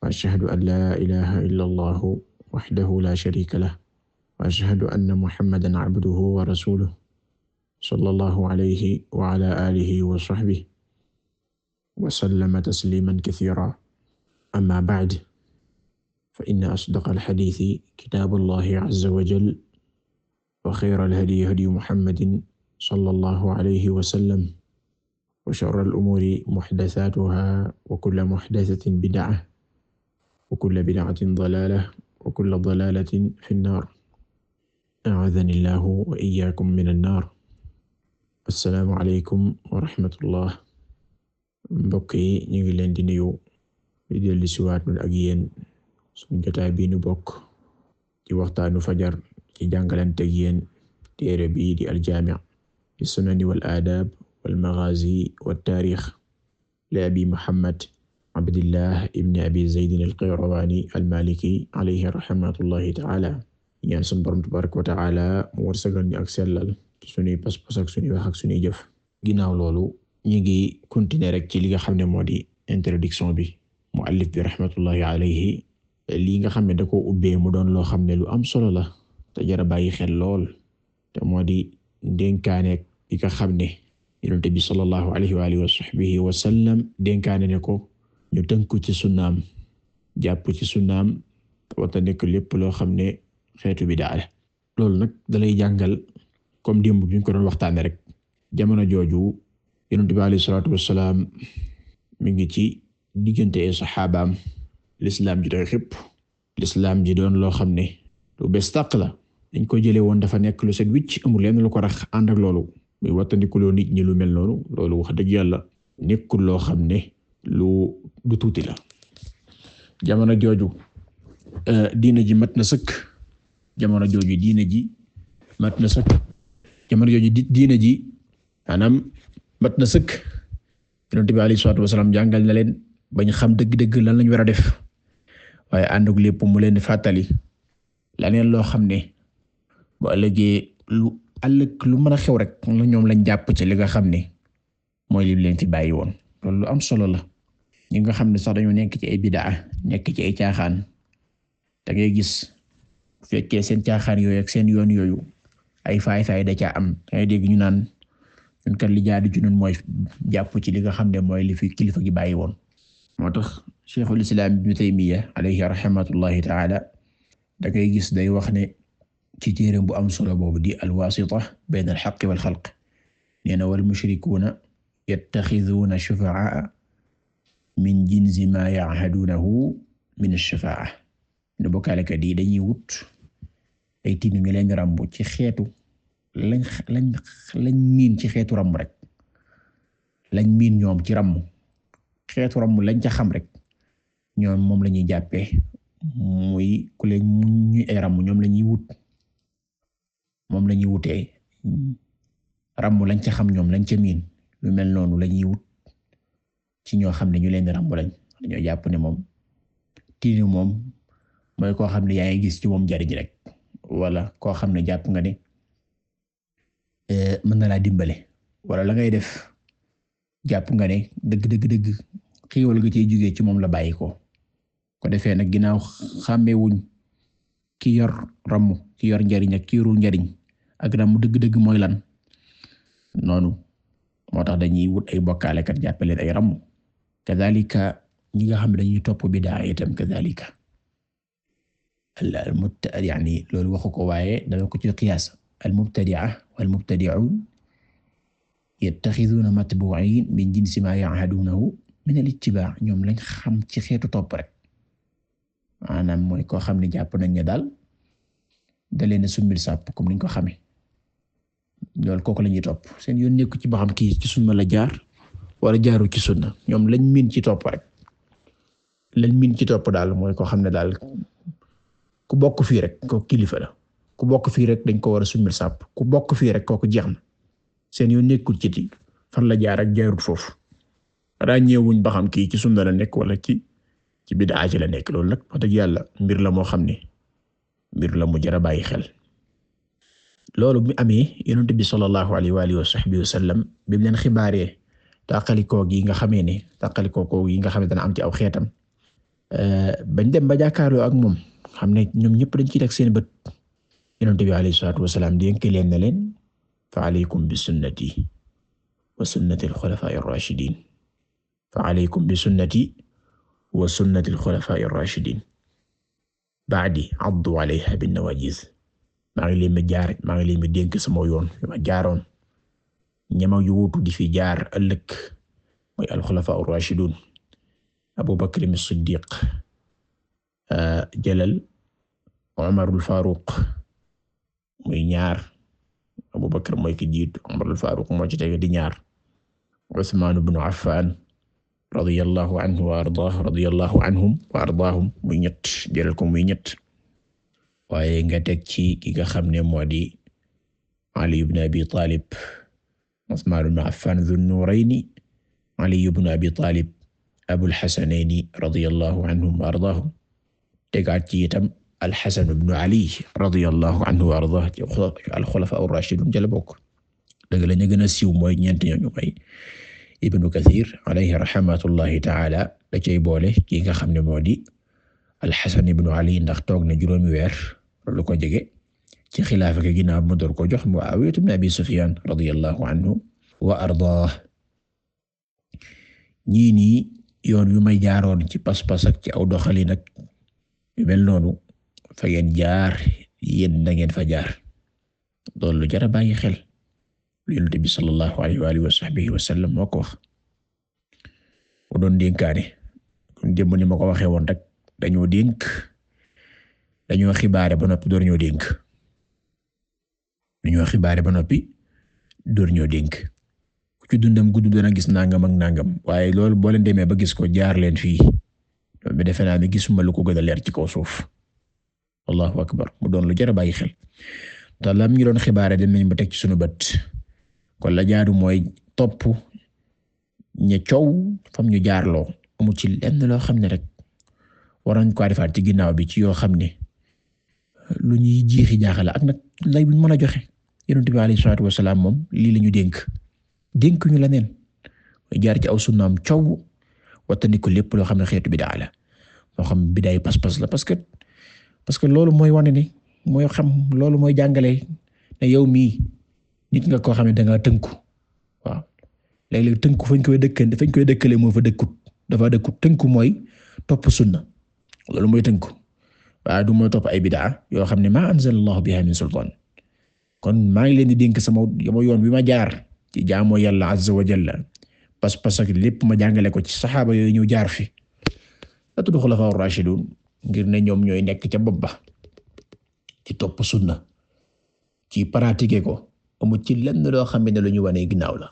wa ashhadu an laa ilaaha illallah wahdahu laa shariika lahu wa ashhadu anna muhammadan abduhu wa rasuluhu sallallahu alayhi wa ala aalihi wa sahbihi wa sallama tasliiman kasiiran amma ba'd fa inna asdaqal hadiisi kitaabullaahi azza wa jalla wa xayral hadyi hadyu muhammadin sallallahu alayhi wa sallam wa sharral umuuri muhdasaatuhaa wa kullu muhdasatin bid'a wa kulla bid'atin dalaala wa kulla fi nnaar a'aadhani llaahu wa iyyaakum mina nnaar assalaamu aleykum wa rahmatullah mbokk yi ñu ngi leen di nuyu di dellu si waat bokk ci waxtaanu fajar ci jàngalante ak yéen téere bi di aljaami' li sunani wal aadaab wal maghaazi wat taariix li abdillah ibni abi zaydin al-qayrawani al-maliki alayhi rahmatullahi taala ñaan sunu borom tabaraka wa taala mu wërsëgal ñu ak sellal suñuy pas-pas ak suñuy wax ak suñuy jëf ginnaaw loolu ñu ngi continuer rek ci li nga xam ne moo di introduction bi muallif bi rahmatullahi alayhi lii nga xam ne da koo ubbee mu doon loo xam ne lu am solo la te jara bàyyi xel lool te moo di dénkaane bi nga xam ne yonent bi sallallahu alayhi wa alihi wa sahbihi wa sallam dénkaane ne ko ñu tënku ci sunnaam jàpp ci sunnaam wata nekk lépp loo xam ne xeetu bidaa la loolu nag dalay jàngal comme démb bi ñu ko doon waxtaane rek jamono jooju yonent bi alayhi salaatu wassalaam mi ngi ci diggante ay saxaabaam lislaam ji doon xëpp lislaam ji doon loo xam ne lu bees tàq la dañ ko jële woon dafa nekk lu set wicc amul lenn lu ko rax ànd ak loolu muy watandikuloo nit ñi lu mel noonu loolu wax dëgg yàlla nekkul loo xam ne lu lu tuuti jamono jooju eh, diina ji mat na sëkk jamono jooju diina ji mat na sëkk jamono jooju diina ji maanaam mat na sëkk yonent bi alayhi salaatu jàngal na leen bañ xam dëgg-dëgg lan lañ war a def waaye ànduk lépp mu leen fàttali laneen loo xam ne bu ëllëgee lu ëllëg lu mën a xew rek la ñoom lañ jàpp ci li nga xam ne mooy li leen fi bàyyi woon loolu lu am solo la ñi nga xam ne sax dañoo nekk ci ay bidaa nekk ci ay caaxaan da ngay gis fekk fekkee seen caaxaan yooyu ak seen yoon yooyu ay faay-faay caa am da ngay dégg ñu naan ñun kat li jaadu ci ñun ci li nga xam ne mooy li fi kilifa gi bàyyi woon. moo tax Cheikhul Islam Ibn Taymiyya alayhi rahmatullahi ta'ala da ngay gis day wax ne ci téereem bu am solo boobu di al wasita bayna al haqq wal xalq nee yattaxiduuna shufa'aa min jinsi maa ya'haduunahu min ash-shafaa'a ñu bokkaalekat yi dañuy wut ay tiim ñu leen ci xeetu lañ lañ miin ci xeetu ràmbu rek lañ miin ñoom ci ràmbu xeetu ràmbu lañ ca xam rek ñoom moom lañuy jàppee muy ku leen ñuy ñoom lañuy wut moom lañuy wutee ràmbu lañ ca xam ñoom lañ ca miin lu mel noonu la wut ci ñoo xam ne ñu leen di ràmbu lañ dañoo jàpp ne moom tiinu moom mooy koo xam ne yaa gis ci moom jariñ rek wala koo xam ne jàpp nga ne eh, mën na laa dimbale wala la ngay def jàpp nga ne dëgg dëgg dëgg xiiwal ga cee jugee ci moom la bàyyi ko ko defee nag ginnaaw xàmmee ki yor ramm ki yor njariñ ak ki yorul njariñ ak ramm dëgg dëgg mooy lan noonu moo tax dañuy wut ay bokkaalekat jàppe leen ay ramm kadhalika ñi nga xam ne dañuy topp bidaa itam kadhalika al mubta yani loolu waxu ko waaye dana ko ci qiyaas al mubtadia wal mubtadi'un yattakhiduna matbu'in min jinsi ma ya'hadunahu min al ittiba' ñoom lañ xam ci xeetu topp rek maanaam mooy ko xam ne jàpp nañ ne daal da leen a summil sàpp comme niñ ko xamee lool kooku la topp seen yoon nekku ci ba xam kii ci sunna la jaar wala jaaru ci sunna ñoom lañ miin ci topp rek lañ min ci topp daal mooy koo xam ne daal ku bokk fii rek kooku kilifa la ku bokk fii rek dañ ko war a summil sàpp ku bokk fii rek kooku jeex na seen yoon nekkul ci ti fan la jaar ak jaarut foofu ràññeewuñ ba xam kii ci sunna la nekk wala ci ci bid'a la nekk loolu nag wax dëgg yàlla mbir la moo xam ne mbir la mu jar a bàyyi xel. loolu bu amee yonent bi sallallahu alayhi wa alihi wa sahbihi wa sallam bi mu leen xibaaree tàqalikoo gi nga xamee ne tàqalikoo ko yi nga xamee dana am ci aw xeetam eh, bañ dem ba jàkkaarloo ak moom xam ne ñoom ñëpp dañ ci teg seen bët yonent bi alayhi salaatu wa salaam dénk leen na leen fa alaykum bi sunnati wa sunnati al-xulafaa'i sunnati wa sunnati al-xulafaa'i ar-raashidiin ba'dii 'addu maa ngi leen di jaar maa ngi leen di dénk sama yoon yu ma jaaroon ñama yu wuutu di fi jaar ëllëg mooy alxulafa ar Abu Bakr as-Siddiq euh, jëlal Umar al-Faruq ñaar Abu Bakr mooy ki jiitu Umar al-Faruq moo di ñaar Usman ibn Affan radiyallahu anhu wa ardaahu radiyallahu waaye nga teg ci ki nga xam ne moo di Ali ibn Abi Talib Usman ibn Affan Dhu Nurayni Ali ibn Abi Talib Abul Hasanayni radiyallahu anhum wa ardaahum tegaat ci itam Al-Hasan ibn Ali radiyallahu anhu wa ardaah ci al-Khulafa ar-Rashidun jëla bokk dëgg la ñu gën a siiw mooy ñeent ñooñu may Ibn Kathir alayhi rahmatullahi ta'ala da cay boole ki nga xam ne moo di Al-Hasan ibn Ali ndax toog na juróomi weer lu ko jege ci xilaafa gi ginnaaw mu door ko jox Muawiya ibn Abi Sufyan radiyallahu anhu wa ardaah ñii nii yoon yu may jaaroon ci pas ak ci aw doxali nag yu mel noonu fa ngeen jaar yéen da ngeen fa jaar loolu lu jar a bàyyi xel lu Yonent bi sallallahu alayhi wa alihi wa sahbihi wa moo ko wax mu doon dénkaane kon ni ma ko waxee woon rek dañoo dénk dañoo xibaare ba noppi door ñoo dénk dañoo xibaare ba noppi door ñoo dénk ku ci dundam gudd dana gis nangam ak nangam waaye loolu boo leen demee ba gis ko jaar leen fii loolu bi defe naa ne gisuma lu ko gën a leer ci kaw suuf allahu akbar mu doon lu jar a bàyyi xel te lam ñu doon xibaare dem nañ teg ci sunu bët kon jaaru mooy topp ña coow fam ñu jaarloo amul ci lenn loo xam ne rek war nañ ko defaat ci ginnaaw bi ci yoo xam ne. lu ñuy jiixi jaaxala ak nag lay buñ mën a joxe yonent bi alayhi salaatu wasalaam moom lii la ñu dénk dénk ñu la neen jaar ci aw sunnaam coow wattandiku lépp loo xam ne xeetu bidaa la moo xam bidaay pas-pas la parce que parce que loolu mooy wane ni mooy xam loolu mooy jàngale ne yow mii nit nga koo xam ne dangaa tënku waaw léeg-léeg tënku fañ koy dëkkante fañ koy dëkkale moo fa dëkkut dafa dëkkut tënku mooy topp sunna loolu mooy tënku. waaye du mooy topp ay bidaa yoo xam ne maa anzalallahu biha min sultaan kon maa ngi leen di dénk sama yoon bi ma jaar ci jaamoo yàlla azza wa jalla pas-pas ak lépp ma jàngale ko ci saxaaba yooyu ñëw jaar fi la tudd xulafaa rashidun ngir ne ñoom ñooy nekk ca bopp ba ci topp sunna ci pratiquer ko amul ci lenn loo xam ne lu ñu wane ginnaaw la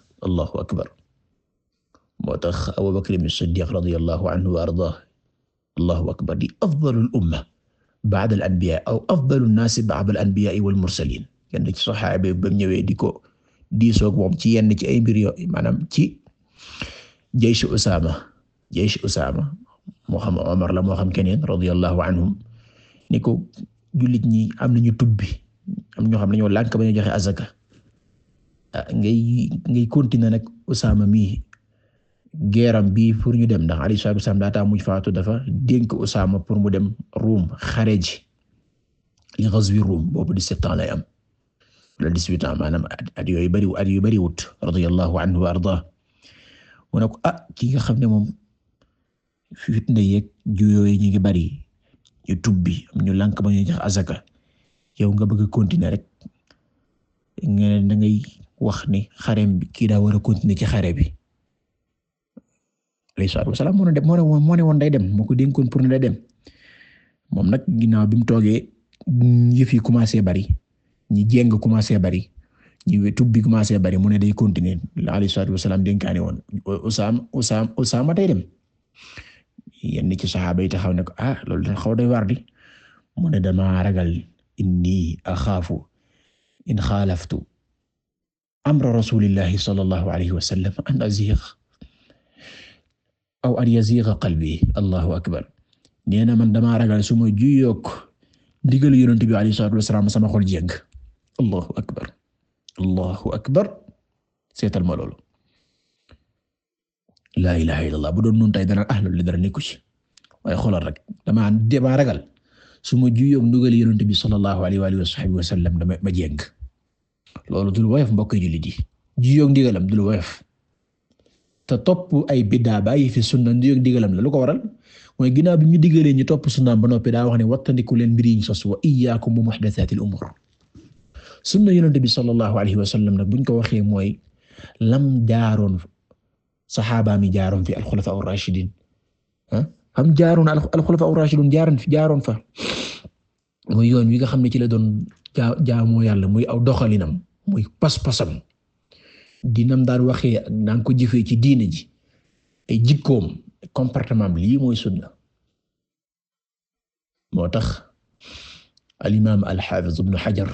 akbar moo tax Abu Bakr as-Siddiq radiyallahu anhu wa ardaah allahu akbar di afdalul umma ba'da al anbiya aw afdalu an-nas ba'da al anbiya wal mursalin kenn ci saxaaba ba mu di ko diisoog moom ci yenn ci ay mbir yo maanaam ci jaysh Usaama jaysh Usaama moo xam Umar la moo xam keneen radiyallahu anhum ni ko jullit ñi am nañu tubbi am ñoo xam ne ñoo lànk ba ñu joxe azaka ah, ngay ngay continuer nag Usaama mii geeram bi pour ñu dem ndax alayhi salaatu wasallam daataa muy faatu dafa dénk Usaama pour mu dem Ruum xare ji li ghazwi Ruum boobu di sept ans lay am wala dix-huit ans maanaam at yooyu bari yu bari wut radiyallahu wa ardaa mu ko ah ki nga xam ne moom fitna yeeg juyoo yi ñu ngi bari ñu tubbi ñu lank ba ñu jox azaka yow nga bëgg a continuer rek nga ne da ngay wax ni xarem bi kii daa war a continuer ci xare bi. alayhi salaatu wasalaam moo ne woon moo ne woon day dem moo ko dénkoon pour ne day dem moom nag ginnaaw bi mu toogee yëf yi commencé bari ñi jéng commencé bari ñi tubbi commencé bari mu ne day continuer alayhi salaatu wasalaam dénkaane woon Usaama Usaama Usaama day dem yenn ci saxaaba yi taxaw ne ko ah loolu dañ xaw day war di mu ne dama ragal inni axaafu in xaalaftu amra rasulillahi sallallahu alayhi wa sallam an aziq aw an yaziga qalbi allahu akbar nee na man damaa ragal su ma juyoog digal yonent bi alayhi salaatu wasalaam sama xol jéng allahu akbar allahu akbar seetal ma loolu laa ilaha illallah bu doon nun tay dana ah loolu dara nekku ci waaye xoolal rek damaa damaa ragal su ma juyoog ndigal yonent bi sallallahu alayhi wa alihi wa sahbihi wasallam dama ma jéng loolu dul woyof mbokk jullit yi juyoog ndigalam dul woyof te topp ay biddaa bàyyi fi sunna di digalam la lu ko waral mooy ginnaaw bi ñu digalee ñu topp sunnaam ba noppi daa wax ne wattandiku leen mbir yi ñu sos wa iyyaakum wa muhdathaatil umuur sunna yonent bi sallallahu alayhi wa sallam nag buñ ko waxee mooy lam jaaroon saxaaba mi jaaroon fi alxulafa ar-raashidiin ah am jaaroon alxulafa ar-raashidiin jaaroon fi jaaroon fa mooy yoon wi nga xam ne ci la doon jaamoo yàlla muy aw doxalinam muy pas dinam daan waxee ak naan ko jëfee ci diine ji ay jikkoom comportement bi lii mooy sunna moo tax alimaam alxaafiz ibnu xajar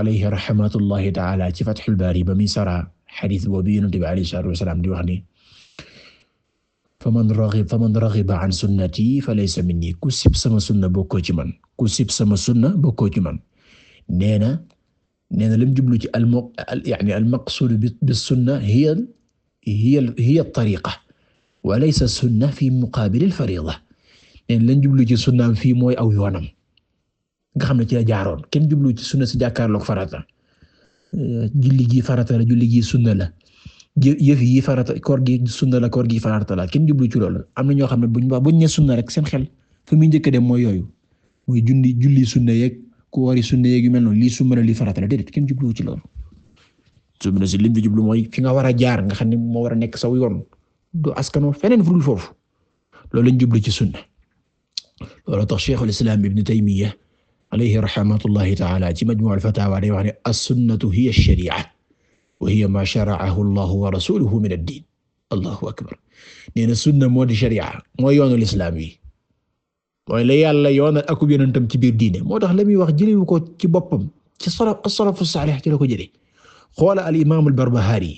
alayhi raxmatullahi taala ci fatxul baari ba mi sara xadiis boobu yonent bi alayhi salaatu wasalaam di wax ni faman raxiba faman raxiba an sunnati falaysa minni ku sib sama sunna bokkoo ci man ku sib sama sunna bokkoo ci man nee na nee na lam jublu ci al yani al maqsuud bi sunna hiya hiya hiya tariqa wa laysa sunna fi muqaabil al fariida nee na lam jublu ci sunnaam fii mooy aw yoonam nga xam ne ci la jaaroon kenn jublu ci sunna si jàkkaarloog farata eh, julli gi farata la julli gi sunna la yëf yi farata koor gi sunna la koor gii farata la kenn jublu ci loolu am na ñoo xam ne buñ ba buñ ne sunna rek seen xel fu muy njëkk dem mooy yooyu mooy julli julli sunna ku wari sunna yeeg yu mel noonu lii sunna li lii farata la déedéet kenn jubluwu ci loolu sunna si lim bi jublu mooy fi nga war a jaar nga xam ne moo war a nekk saw yoon du feneen furul foofu loolu lañ jublu ci sunna loolu tax Cheikhul Islam Ibn Taymiyya alayhi rahmatullahi ta'ala ci Majmu' al-Fatawa day wax ne as-sunnatu hiya ash-shari'a wa hiya ma shara'ahu akbar nee na mooy la yàlla yoonal akub yonentam ci biir diine moo tax la muy wax jëlewu ko ci boppam ci salaf as-salafu saalih ci la ko jëlee xoola al imaam al barbahari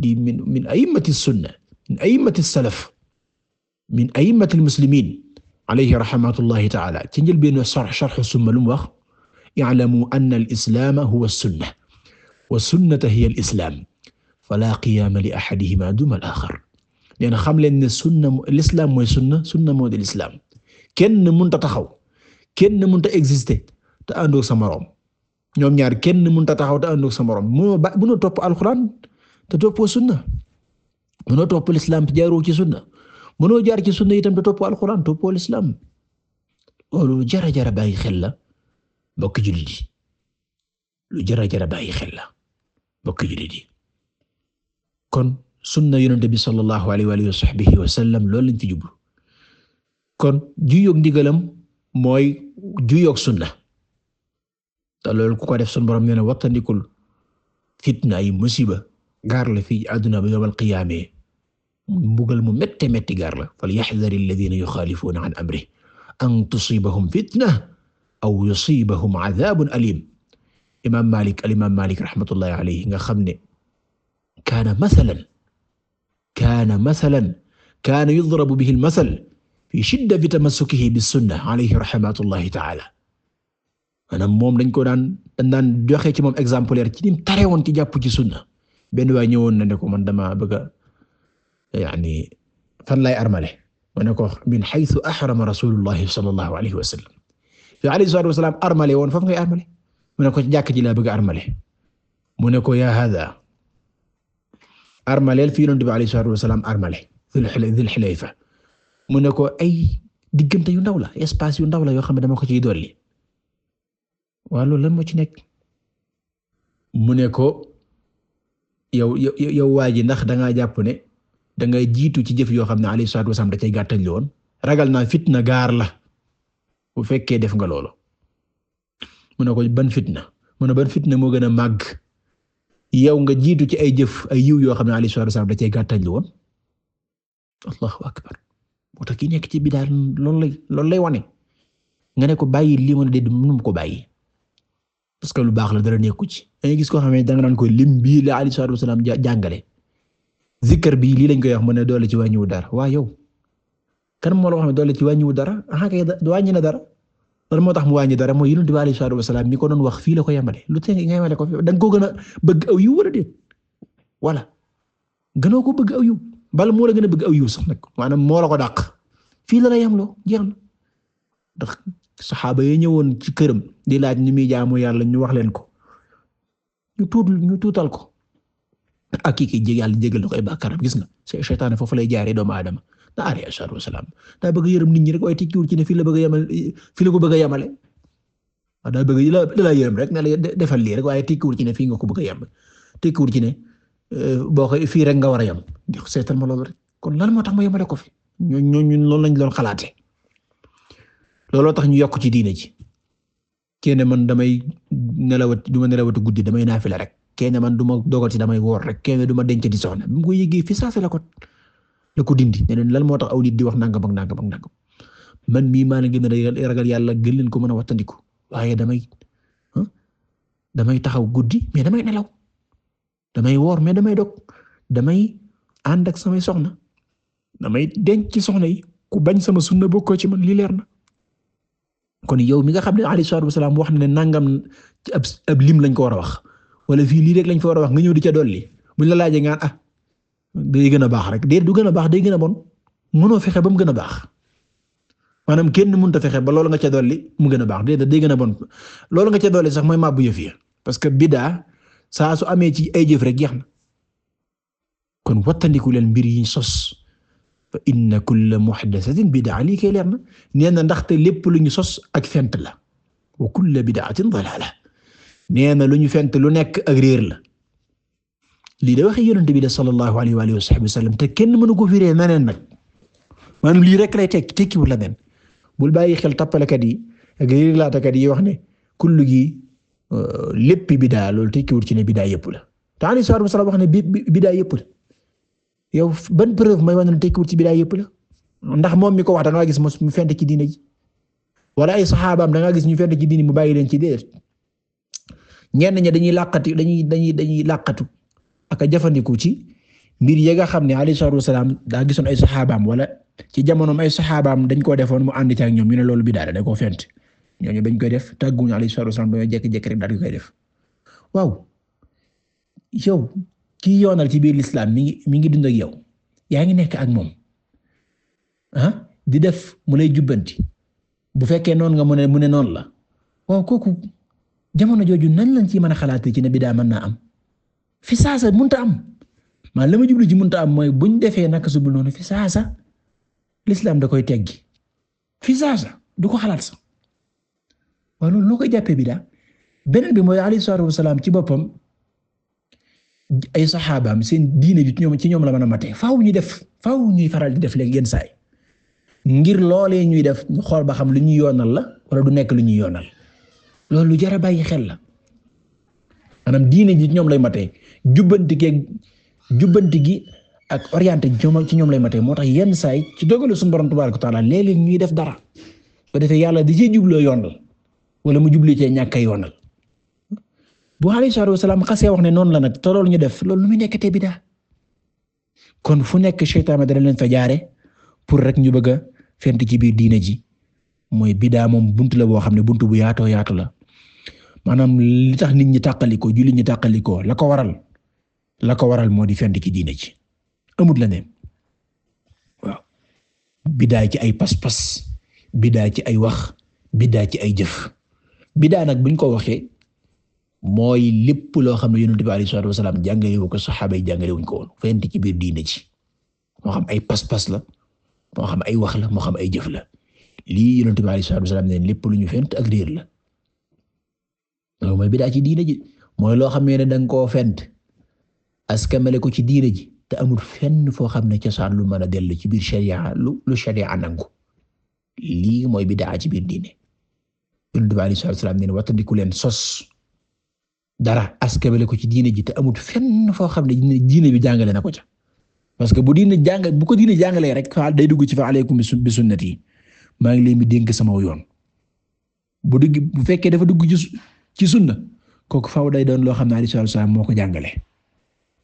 di min min a'immati sunna min a'immati salaf min a'immati al muslimin alayhi rahmatullahi ta'ala ci njëlbéenu sarh sarh summa lu mu wax i'lamu anna al islaama huwa sunna wa sunnata hiya al islaam fala qiyaama li ahadihima duna al axar leen xam leen ne sunna al islaam mooy sunna sunna mooy al islaam kenn mun a taxaw kenn mun ta existe te àndoo sa moroom ñoom ñaar kenn mun ta taxaw te àndoo sa moroom mënoo ba mënoo topp alxuraan te toppoo sunna mënoo topp l'islam te jaaroo ci sunna mënoo jaar ci sunna itam topp toppoo alxuraan toppoo l'islam loolu jara jara bàyyi xel la bokk jullit yi lu jara jara bàyyi xel la bokk jullit yi kon sunna yonent bi sallallahu alayhi wa alihi wa sahbihi wa loolu lañ ci jublu kon juyoog ndigalam mooy juyoog sunna te loolu ku ko def sun borom nee na wattandikul fitna ay musiba gaar la fii àdduna ba yawmal qiyaame mbugal mu métte métti gaar la falyahdhari alladhina yukhalifuna an amrihi an tusibahum fitna aw yusibahum adhabun alim imam malik al imam malik rahmatullahi alayhi nga xam ne kaana mathalan kaana mathalan kaana yudrabu bihi al mathal fi shiddati tamassukihi bis sunna alayhi rahmatullahi taala maanaam moom dañ ko daan dañ daan joxe ci moom exemplaire ci nim tare woon ci jàpp ci sunna benn waay ñëwoon na ne ko man dama bëgg yaani fan lay armale ma ne ko min haythu ahrama rasulullahi sallallahu alayhi wa sallam fi alayhi salaatu wa salaam armale woon foofu ngay armale mu ne ko jàkk ji laa bëgg armale mu ne ko yaa hada armaleel fi yonent bi alayhi salaatu wa salaam armale dhul hulayfa mu ne ko ay diggante yu ndaw la espace yu ndaw la yoo xam ne dama ko ciy dolli waa loolu lan moo ci nekk mu ne ko yow yow yow waa ji ndax da jàpp ne dangay jiitu ci jëf yoo xam ne alayhi salaatu wasallam da cay gàttañ loon ragal naa fitna gaar la bu fekkee def nga loolu mu ne ko ban fitna mu ne ban fitna moo gën a màgg yow nga jiitu ci ay jëf ay yiw yoo xam ne alayhi salaatu da cay gàttañ loon allahu akbar moo tax ki nekk ci bidaa loolu lay loolu lay wane nga ne ko bàyyi lii mën a déedéet mënum ko bàyyi parce que lu baax la dara nekku ci dañuy gis koo xam ne danga naan koy lim bii la alayhi salaatu wasalaam jàngale zikkar bii lii lañ koy wax mu ne doole ci wàññiwu dara waa yow kan moo la wax ne doole ci wàññiwu dara ah kay na dara loolu moo tax mu wàññi dara mooy yonent bi alayhi salaatu wasalaam ko doon wax fii la ko yemale lu te nga yemale ko da nga a bëgg wala déet wala gënoo ko bëgg aw bal moo la gën a bëgg aw yiw sax nag maanaam moo ko dàq fii la lay yamloo jeex na ndax saxaaba yi ñëwoon ci këram di laaj ni muy jaamu yàlla ñu wax leen ko ñu tuut ñu tuutal ko ak kii kii yàlla jégal na ko ay bàkkaaram gis nga seytaane foofu lay jaaree doomu aadama da alayhi asalaatu wasalaam daa bëgg mu nit ñi rek waaye tekkiwul ci ne fii la bëgg a fii la ko bëgg a yemale daa la la yërëm rek ne la defal lii rek waaye tekkiwul ci ne fii nga ko bëgg a yemale tekkiwul ci ne Eh, boo ko fii rek nga war a yem seetal ma loolu rek kon lan moo tax ma yemale ko fi ñoo ñun loolu lañ doon xalaate looloo tax ñu yokk ci diine ji kenn man damay nelawati du ma nelawati guddi damay naafila rek kenn man du ma dogal ci damay woor rek kenn du ma denc di soxna bu ko yëgee fi saase la ko la ko dindi ne leen lan moo tax aw nit di wax nangam ak nangam ak nangam man mii maa ngi gën a ragal yàlla gën leen ko mën a wattandiku waaye damay ah, damay taxaw guddi mais damay nelaw. damay woor mais damay dog damay ànd ak samay soxna damay denc ci soxna yi ku bañ sama sunna bokkoo ci man lii leer na kon yow mi nga xam ne alayhi salaatu wasalaam wax ne nangam ci ab lim lañ ko war a wax wala fii lii rek lañ fa war a wax nga ñëw di ca dolli buñ la laajee nga ah, gën a rek déet du gën a baax day gën a bon mënoo fexe ba mu gën a baax maanaam kenn mënut a fexe ba loolu nga ca dolli mu gën a baax déet day gën a bon loolu nga ca dolli sax mooy màbbu yëf yi parce que bida saa su amee ci ay jëf rek jeex na kon wattandiku leen mbir yiñ sos fa inna kulla muhdathatin bid'a lii kay leer na nee na ndaxte lépp lu ñu sos ak fent la wa kulla bid'atin dalaala na lu ñu fent lu nekk ak réer la lii da waxe yonent bi de sallallahu alayhi wa alihi wa sahbihi wasallam te kenn mënu ko firee neneen nag maanaam lii rek lay tekki tekkiwul la nen bul bàyyi xel tappalekat yi ak réerlaatakat yi wax ne kullu gi Euh, lépp bidaa loolu tekkiwul ci ne bidaa yëpp la te Alioune Sarr wax ne bi bidaa yëpp yow ban preuve may wane ne tekkiwul ci bidaa yëpp la ndax moom mi ko wax da ngaa gis mu fent ci diine wala ay saxaabaam da gis ñu fent ci diine mu bàyyi leen ci déet ñenn ña dañuy làqatu dañuy dañuy dañuy làqatu ak a jafandiku ci mbir yi nga xam ne Alioune Sarr Moussa daa gisoon ay saxaabaam wala ci jamonoom ay saxaabaam dañ koo defoon mu ànd ci ñoom ñu ne loolu bidaa la da koo fent. ñooñu dañ koy def tàgguñu alayhi salaatu wasalaam dañoo jékki jekki rek daal di koy def waaw yow kii yoonal ci biir lislaam mi ngi mi ngi dund yow yaa ngi nekk ak moom ah, di def mu lay jubbanti bu fekkee noonu nga mu ne mu ne noonu la waaw kooku jamono jooju nan lañ ci mën a xalaatee ci ne bidaa mën naa am fi saasa mënta am man la ma jublu ci mënta am mooy buñ defee naka subul noonu fi saasa lislaam da koy teggi fi saasa du ko xalaat waaye loolu loo koy jàppee bidaa beneen bi mooy alayhi salaatu wasalaam ci boppam ay saxaabaam seen diine bi ci ñoom ci ñoom la mën a faw faaw ñu def faw ñuy faral di def léegi yenn saay ngir loolee ñuy def xool ba xam lu ñuy yoonal la wala du nekk lu ñuy yoonal loolu lu bàyyi xel la maanaam diine ji ñoom lay matee jubbanti geeg jubbanti gi ak orienté ci ñoom lay matee moo tax yenn saay ci dogalu suñu borom tabaaraka wa taala léeg ñuy def dara ba defee yàlla di ci jubloo yoonal wala mu jublu cee ñàkk a yoonal bu alayhi salaatu wasalaam xasee wax ne noonu la nag te loolu ñu def loolu lu muy nekk te bidaa kon fu nekk seytaane dana leen fa jaare pour rek ñu bëgg a fent ci biir diina ji mooy biddaa moom buntu la boo xam ne buntu bu yaatoo yaatu la maanaam li tax nit ñi tàqalikoo jullit ñi la ko waral la ko waral moo di fent ci diina ji amut la ne waaw bidaa ci ay pas-pas bidaa ci ay wax bidaa ci ay jëf bidaa nag biñ ko waxee mooy lépp loo xam ne yonent bi alayhi salaatu wasalaam ko saxaaba yi jàngale wuñ ko woon fent ci biir diine ci moo xam ay pas la moo xam ay wax la moo xam ay jëf lii yonent bi alayhi lépp lu ñu fent ak réer la loolu mooy bidaa ci ji mooy loo xam ne danga koo fent askamale ko ci diine ji te amul fenn foo xam ne cosaan lu mën a dellu ci biir sharia lu lu sharia nangu lii mooy bidaa ci biir diine yonent bi alayhi salaam nee leen sos dara askabale ko ci diine ji te amut fenn foo xam ne diine bi jàngale na ko ca parce que bu diine jàng bu ko diine jàngalee rek fa day dugg ci fa alaykum bi sunnati maa ngi leen di dénk sama yoon bu dugg bu fekkee dafa dugg ci ci sunna kooku faaw day doon loo xam ne alayhi salaam moo ko jàngale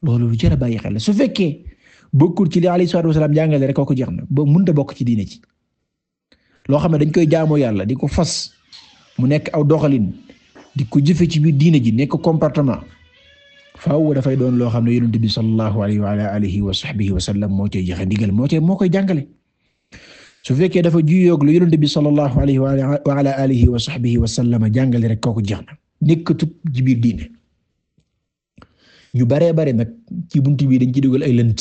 loolu lu jar a bàyyi xel su fekkee bokkul ci li alayhi salaam jàngale rek ko jeex na ba mun te bokk ci diine ji loo xam ne dañ koy jaamoo yàlla di ko fas. mu nekk aw doxalin di ko jëfe ci biir diine ji nekk comportement faaw dafay doon loo xam ne yonent bi sallallahu alayhi wa alihi wa sahbihi wa moo cay joxe ndigal moo cay moo koy jàngale su fekkee dafa juyoog lu yonent bi sallallahu alayhi wa alihi wa sahbihi wa sallam jàngale rek kooku jeex na nekkatut ci biir diine ñu baree bare nag ci buntu bi dañ ci dugal ay lënt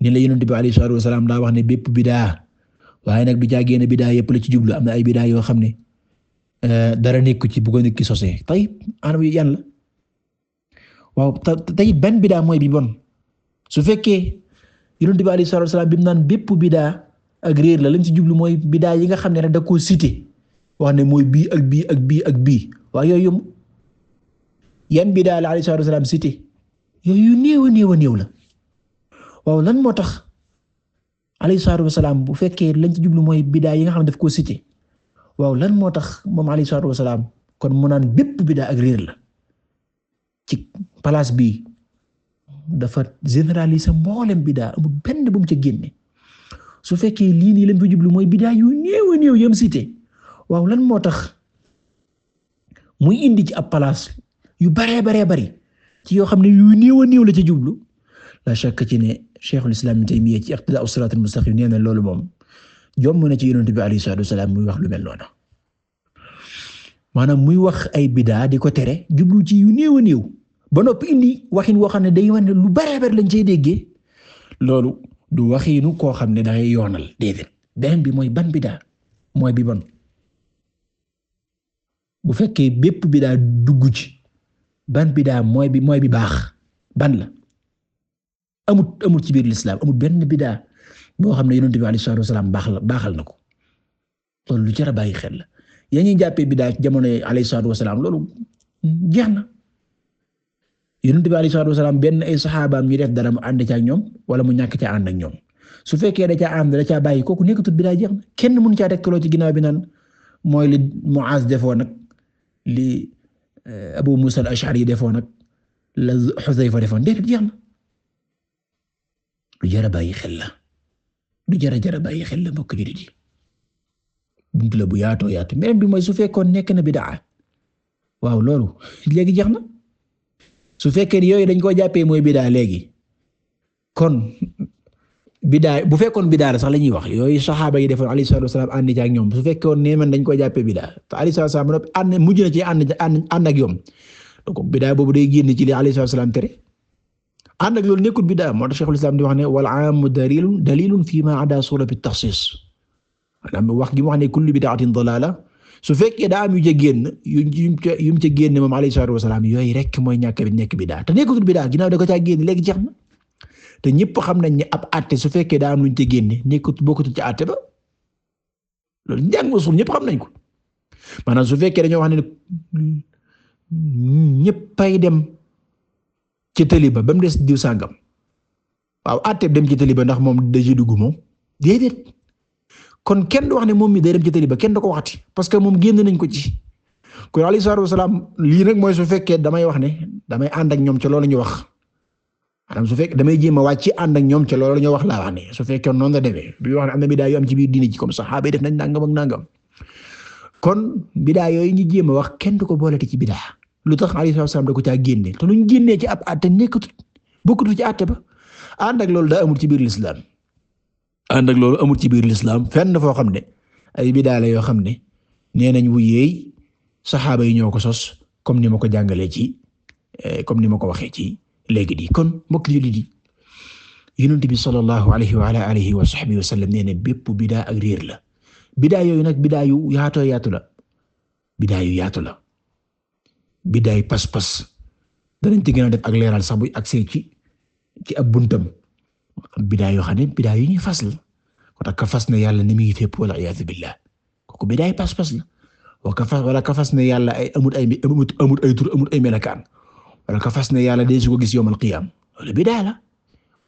ni la yonent bi alayhi salaam daa wax ne bépp bidaa waaye nag du jaagee ne bidaa yépp la ci jublu am na ay bidaa yoo xam ne Eh, dara nekku ci bu ko nit ki sosee tayib anam yu yan la waaw tey ban bidaa mooy bi bon su fekkee yonent bi alayhi salaatu wasalaam bi mu naan bépp bidaa ak réer la lañ ci jublu mooy bidaa yi nga xam ne da koo cité wax ne mooy bii ak bii ak bii ak bii waaw yooyu yom yan bidaa la alayhi salaatu wasalaam cité yooyu yu néew a néew a la waaw lan moo tax alayhi salaatu wasalaam bu fekkee lañ ci jublu mooy bidaa yi nga xam ne daf koo cité waaw lan moo tax moom alayhi salaatu wasalaam kon mu naan bépp bidaa ak réer la ci place bi dafa généraliser mboolem bidaa amul benn bu mu ca génne su fekkee lii nii lañ ko jublu mooy bidaa yu néew a néew yam cité waaw lan moo tax muy indi ci ab place yu baree bare bari ci yoo xam ne yu néew a néew la ci jublu la shakk ci ne Cheikhul Islam Ibn Taymiyya ci Iqtidaa as-Siraatal Mustaqiim nee na loolu moom yomb na ci yonent bi alayhi salaatu wasalaam muy lu mel noonu maanaam muy wax ay bidaa di ko tere jublu ci yu néew a néew ba noppi indi waxin woo xam ne day lu bare lañ cay déggee du waxiinu koo xam ne dangay yoonal déedéet beneen bi mooy ban bidaa mooy bi bon bu fekkee bépp bidaa dugg ci ban bidaa mooy bi mooy bi baax ban la amut amut ci biir lislaam amut benn bidaa boo xam ne yonent bi alayhi salaatu wasalaam baax la baaxal na ko loolu lu jar a bàyyi xel la yaa ñuy jàppee biddaa jamono yi alayhi salaatu salaam loolu jeex na yonent bi alayhi salaatu benn ay saxaabaam ñu def dara mu ànd ca ak ñoom wala mu ñàkk ca ànd ak ñoom su fekkee da caa ànd da caa bàyyi kooku nekkatul biddaa jeex na kenn mënu caa tekkaloo ci bi naan mooy li Muaz defoo nag li eh, Abu Musa al-Ash'ari nag la Xusayfa jeex na lu jar a bàyyi xel la. du jara jara bàyyi xel la mbokk jullit yi la bu yaatoo yaatu beneen bi mooy su fekkoon nekk na bidaa waaw loolu léegi jeex na su fekkee ni yooyu dañ koo jàppee mooy bidaa léegi kon bidaa bu fekkoon bidaa la sax la ñuy wax yooyu saxaaba yi def alayhi salaatu wasalaam ànd ci ak ñoom su fekkoon ne man dañ koo jàppee bidaa te alayhi salaatu wasalaam ànd mujj na ci ànd ànd ak ñoom donc bidaa boobu day génn ci li alayhi salaatu tere ànd ak loolu nekkul biddaa moo tax Cheikhul Islam di wax ne wal aamu dalilun dalilun fi ma ada sura bi taxsiis maanaam wax gi mu wax ne kullu bidaatin dalaala su fekkee daa am yu ca génn yu yu mu ca génn moom alayhi salaatu wasalaam yooy rek mooy ñàkk bi nekk biddaa te nekkul biddaa ginnaaw da ko caa génn léegi jeex na te ñëpp xam nañ ne ab àtte su fekkee daa am lu ca génne nekkut bokkutul ca àtte loolu njàng ma suul ñëpp nañ ko maanaam su fekkee dañoo wax ne ñëppay dem. ci tëli ba ba mu des diw sàngam waaw àtteeb dem ci tëli ba ndax moom da ci dugg moom déedéet kon kenn du wax ne moom mi day dem ci tëli ba kenn du ko waxati parce que moom génn nañ ko ci. kon alayhi salaatu wasalaam lii nag mooy su fekkee damay wax ne damay ànd ak ñoom ca loolu ñu wax maanaam su fekkee damay jéem a wàcc ànd ak ñoom ca loolu ñu wax laa wax ne su fekkee noonu la demee bi wax ne am na bidaa yu am ci biir diine ji comme saxaaba yi def nañ nangam nangam kon bidaa yooyu ñu jéem a wax kenn du ko boolete ci bidaa lu tax alayhi salaam da ko caa génne te luñ génnee ci ab àtte nekkatut bokkatu ci àtte ba ànd ak loolu daa amul ci biir lislaam ànd ak loolu amul ci biir lislaam fenn foo xam ne ay bidaale yoo xam ne nee nañ wu yeey saxaaba yi ñoo ko sos comme ni ma ko jàngalee ci eh, comme ni ma ko waxee ci léegi di kon mbokk yi di yonent bi sallallahu alayhi wa ala alihi wa sahbihi wa sallam nee na bépp bidaa ak réer la bidaa yooyu nag bidaa yu yaatoo yaatu la bidaa yu yaatu la. bidaay pas-pas danañ ci gën def ak leeral sax buy accès ci ci ab buntam bidaay yoo xam ne bidaay yu ñuy fas la ko tax ka fas na yàlla ni muy wala iyaazu billah kooku bidaay pas wa fas wala ka fas yàlla ay amut ay amut amut ay tur ay melakaan wala ka fas na yàlla dee su gis yawmal qiyaam loolu bidaay la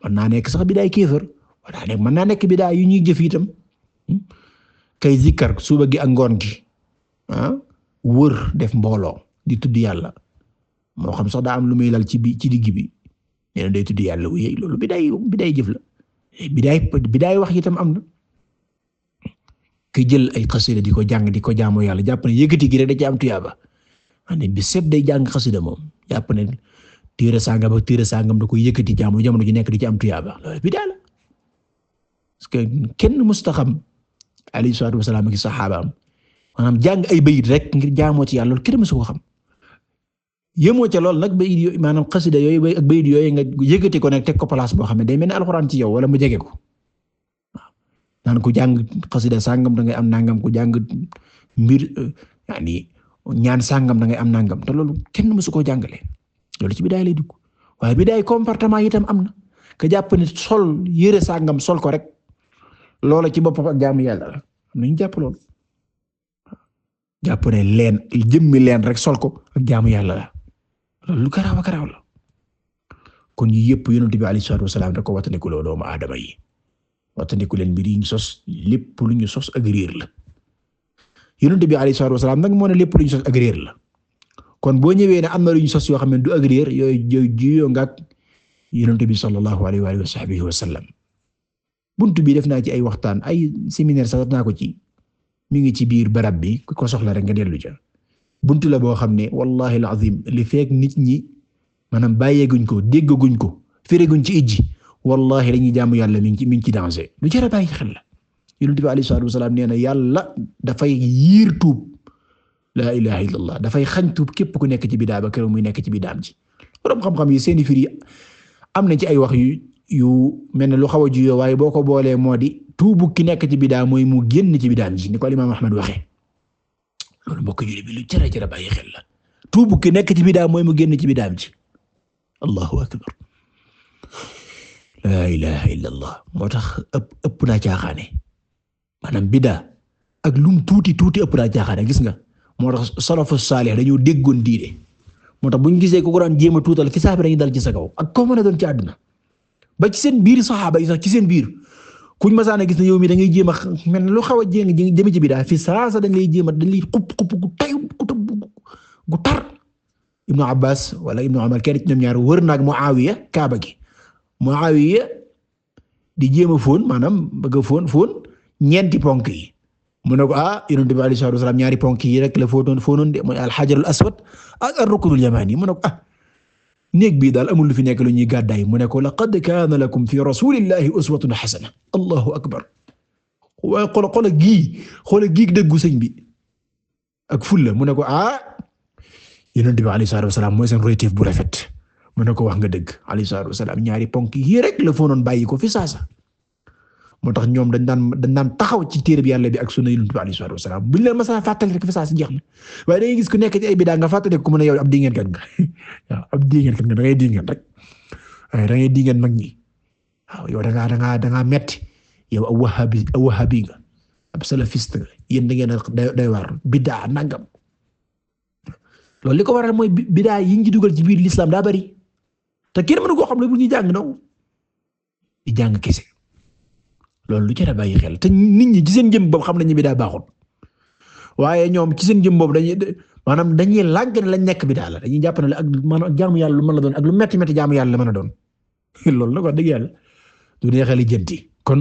mën naa nekk sax bidaay kéefër wala nekk mën naa nekk bidaay yu ñuy jëf itam hmm? kay zikkar suba gi ak ngoon gi ah wër def mbooloo. di tudd yàlla moo xam sax daa am lu muy lal ci bi ci digg bi nee na day tudd yàlla wéy loolu bidaay bidaay jëf la bidaay bidaay wax itam am na ki jël ay xasida di ko jàng di ko jaamu yàlla jàpp ne yëkkati gi rek da ci am tuyaaba ane bi set day jàng xasida moom jàpp ne téere sangam ak téere sangam da ko yëkkati jaamu jamono ji nekk di ci am tuyaaba loolu bidaa la parce que kenn mustaxam alayhi salaatu wasalaam ak saxaabaam maanaam jàng ay bayit rek ngir jaamoo ci yàlla loolu kenn mësu ko xam yéemoo ca lool nag bayit yooyu maanaam xasida yooyu bay ak bayit yooyu nga yëgati ko nag teg ko place boo xam ne day mel ne alxuraan ci yow wala mu jege ko waaw naan ku jàng xasida sàngam da ngay am nangam ku jàng mbir eh, yaani ñaan sàngam da ngay am nangam te loolu kenn mësu koo jàngale loolu ci bidaay lay dugg waaye bidaay comportement yi itam am na ka jàpp ne sol yére sàngam sol ko rek loolu ci boppam ak jaamu yàlla la am nañu jàpp loolu jàpp ne leen jëmmi leen rek sol ko ak jaamu yàlla la. lu garaaw garaaw la kon yi yëpp yonent bi alayhi salaatu wasalaam da ko wattandiku loo doomu aadama yi wattandiku leen mbir yi sos lépp lu ñu sos ak réer la yonent bi alayhi nag moo lépp lu ñu sos la kon boo ñëwee ne am na lu sos yoo xam ne du ak yooyu juyoo nga ak yonent bi sallallahu alayhi wa sahbihi wa sallam bi def naa ci ay waxtaan ay séminaire sax naa ko ci mi ngi ci biir barab bi ku ko soxla rek nga dellu ja buntu la boo xam ne wallahi alazim li feek nit ñi maanaam bàyyeeguñ ko déggaguñ ko féreguñ ci ijji wallahi dañuy jaamu yàlla mi ngi ci mi ngi ci danger lu jar a bàyyi la yonent bi alayhi salaatu wasalaam nee na yàlla dafay yiir tuub laa ilaha illallah dafay xañ tuub képp ku nekk ci bidaa ba keroog muy nekk ci bidaam ji borom xam-xam yi seeni firi am na ci ay wax yu yu mel ne lu xaw a juyoo waaye boo ko boolee moo di tuubu ki nekk ci bidaa mooy mu génn ci bidaam ji ni ko al imaam Ahmad waxee loolu mbokk julli bi lu jërë jërë bàyyi xel la tuubu ki nekk ci bidaa mooy mu génn ci bidaam ci allahu akbar la ilaha illa allah moo tax ëpp ëpp naa caaxaane maanaam bidaa ak lum tuuti tuuti ëpp naa caaxaane gis nga moo tax salafu saalih dañoo déggoon diine moo tax bu gisee ku ko daan jéem a tuutal ki sax bi dañuy dal ci sa kaw ak koo mën a doon ci àdduna ba ci seen biir saxaaba yi sax ci seen biir kuñ masaana gis ne yow mi da ngay jéem a mel lu xaw a jéng jëmi ci bidaa fi saasa dañ lay jéem a dañ lay xupp xupp gu tay gu tar Ibnu Abbas wala Ibnu Umar kenn ci ñoom ñaar wër naag Muawiya kaaba gi Muawiya di jéem a fóon maanaam bëgg foon fóon fóon ñeenti ponk yi mu ne ko ah yonent bi alayhi salaatu wa ñaari ponk yi rek la fóonoon fóonoon de mooy al-Hajarul Aswad ak ar ko ah néeg bii daal amul lu fi nekk lu ñuy gàddaay mu ne ko laqad kaana lakum fi rasulillahi uswatun xasana allahu akbar waaye xolo xolo gii xolo gii dëggu sëñ bi ak fulla mu ne ko ah yonent bi alayhi salaatu wasalaam mooy seen royteef bu rafet mu ne ko wax nga dëgg alayhi salaatu wasalaam ñaari ponk yi rek la foonoon bàyyi ko fi saasa moo tax ñoom dañ daan dañ daan taxaw ci téere bi yàlla bi ak sunna yonent bi alayhi salaatu wasalaam buñ leen masa fàttali waaye da ngay ku nekk ci ay bidaa nga fàttali ku mën a yow da ngay dingeen rek waaye da ngay dingeen mag ñi waaw yow da ngaa metti yow a wahabi a wahabi nga ab salafiste nga yéen da ngeen a day waar bidaa nangam loolu li ko waral mooy bidaa yi ñu dugal ci biir l'islam daa bari te kenn mënu koo xam ne bu ñu jàng naw di jàng loolu lu jar a xel te nit ñi ci seen jëm boobu xam nañu bi daa baaxul waaye ñoom ci seen jëm boobu dañuy maanaam dañuy lànk ne la nekk bi daal la dañuy jàpp ne ak maanaam jaamu yàlla lu mën a doon ak lu metti metti yàlla la a doon loolu nag wax dëgg yàlla du neexali jënti kon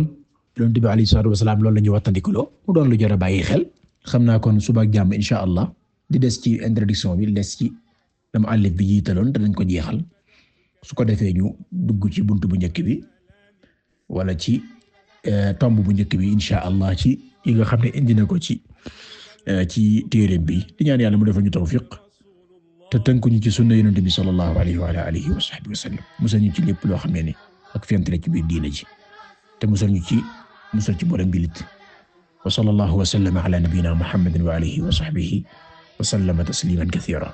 yonent bi alayhi salaatu wasalaam loolu la ñuy wattandikuloo mu doon lu jar a bàyyi xel xam naa kon suba ak jàmm allah di des ci introduction bi des ci dama àllif bi jiitaloon danañ ko jeexal su ko defee ñu dugg ci bunt bu njëkk bi wala ci Eh, tomb bu njëkk bi incha allah ci yi nga xam ne indi na ko ci eh, ci téereem bi di ñaan yàlla mu defal ñu tawfiq te tënkuñu ci sunna yonent bi sallallahu alayhi wa alihi wa sahbihi wa sallam musal ñu ci lépp loo xam ne ni ak fent la ci biir diina ji te musal ñu ci musal ci borom bilit wa sallallahu wa sallama ala nabiyyina muhammadin wa alihi wa sahbihi wa sallama tasliman kathira